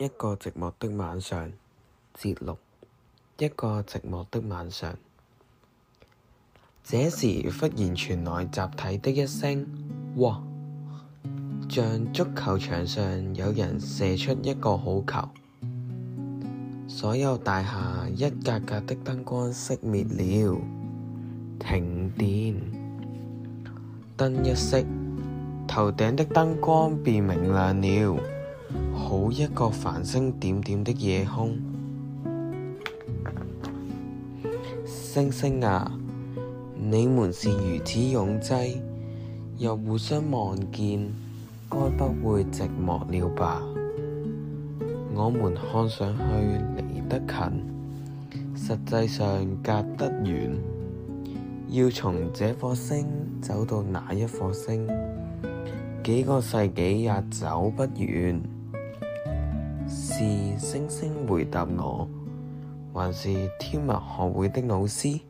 一個寂寞的晚上，節錄一個寂寞的晚上。這時忽然傳來集體的一聲哇，像足球場上有人射出一個好球。所有大廈一格格的燈光熄滅了，停電。燈一熄，頭頂的燈光變明亮了。好一個繁星點點的夜空，星星啊，你們是如此擁擠，又互相望見，該不會寂寞了吧？我們看上去離得近，實際上隔得遠。要從這顆星走到那一顆星，幾個世紀也走不完。是星星回答我，還是天文學會的老師？